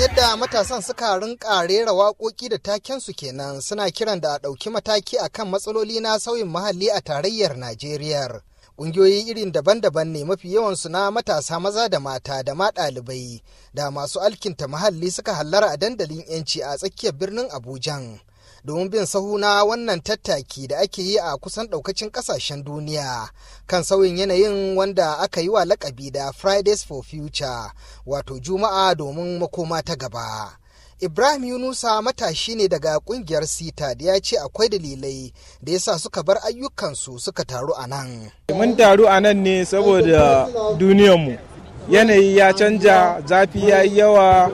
yadda matasan suka rinka rera waƙoƙi da takensu kenan suna kiran da a ɗauki mataki a kan matsaloli na sauyin muhalli a tarayyar Najeriya. Ƙungiyoyi irin daban-daban ne mafi yawansu na matasa maza da mata da ma ɗalibai da masu alkinta muhalli suka hallara a dandalin 'yanci a tsakiyar birnin Abuja. domin bin sahu na wannan tattaki da ake yi a kusan daukacin kasashen duniya kan sauyin yanayin wanda aka yi wa lakabi da Fridays for Future wato Juma'a domin makoma ta gaba. Ibrahim Yunusa matashi ne daga kungiyar Sita da ya ce akwai dalilai da ya sa suka bar ayyukansu suka taru a nan. Mun taru a nan ne saboda duniyarmu. Yanayi ya canja, zafi ya yi yawa,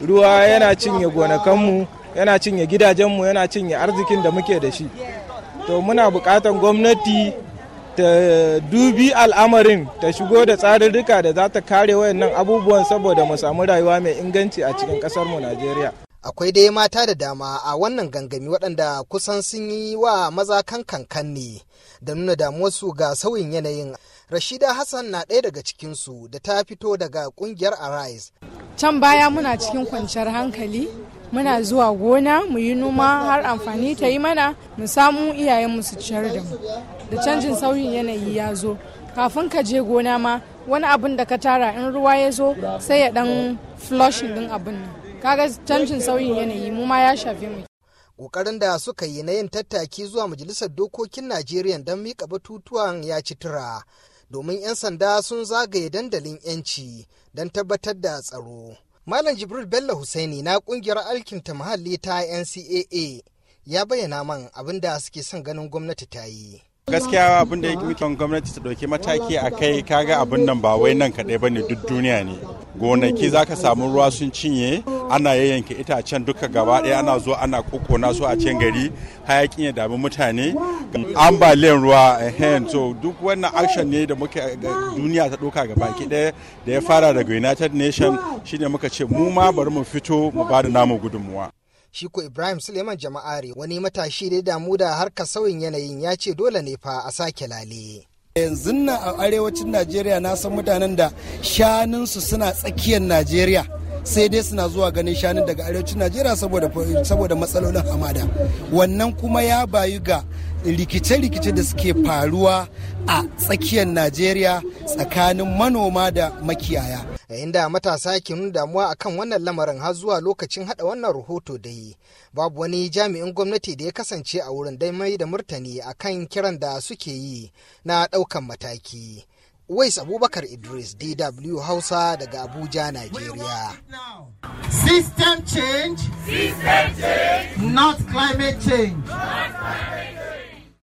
ruwa yana cinye gonakanmu. yana cinye gidajenmu yana cinye arzikin da muke da shi to muna buƙatan gwamnati ta dubi al'amarin ta shigo da tsarurruka da za ta kare wayannan abubuwan saboda mu samu rayuwa mai inganci a cikin ƙasarmu najeriya akwai dai mata da dama a wannan gangami waɗanda kusan sun yi wa maza kan kankan ne da nuna damuwarsu ga sauyin yanayin rashida hassan na ɗaya daga cikinsu da ta fito daga ƙungiyar arise can baya muna cikin kwanciyar hankali muna zuwa gona mu yi noma har amfani ta yi mana mu samu iyayenmu su ciyar da mu da canjin sauyin yanayi ya zo kafin ka je gona ma wani abin da ka tara in ruwa ya zo sai ya dan flushing din abin nan kaga canjin sauyin yanayi mu ma ya shafi mu kokarin da suka yi na yin tattaki zuwa majalisar dokokin najeriya don mika batutuwan ya ci tura domin 'yan sanda sun zagaye dandalin 'yanci don tabbatar da tsaro Malam Jibril Bello Hussaini na kungiyar alkinta muhalli ta NCAA ya bayyana man abin da suke son ganin gwamnati ta yi. gaskiya abin da yake gwamnati ta ɗauki mataki a kai kaga abin nan ba wai nan kaɗai ba ne duk duniya ne gonaki za ka samu ruwa sun cinye ana yayyanke itacen duka gaba ɗaya ana zo ana kokona su a cikin gari hayakin ya dami mutane ambaliyan ruwa hen so duk wannan action ne da muke duniya ta ɗauka gaba ki ɗaya da ya fara daga united nation shine muka ce mu ma bari mu fito mu ba da namu gudunmuwa shi ibrahim suleiman jama'are wani matashi da ya damu da harkar sauyin yanayin ya ce dole ne fa a sake lale yanzu na a arewacin najeriya na san mutanen da shanunsu suna tsakiyar najeriya sai dai suna zuwa ganin shanun daga arewacin najeriya saboda matsalolin hamada wannan kuma ya bayu ga rikice-rikice da suke faruwa a tsakiyar najeriya tsakanin manoma da makiyaya yayin da matasa ke nuna damuwa akan wannan lamarin har zuwa lokacin hada wannan rahoto da yi babu wani jami'in gwamnati da ya kasance a wurin dai mai da murtani akan kiran da suke yi na daukan mataki Wais Abubakar Idris DW Hausa daga Abuja, Nigeria. System change, System change, not climate change.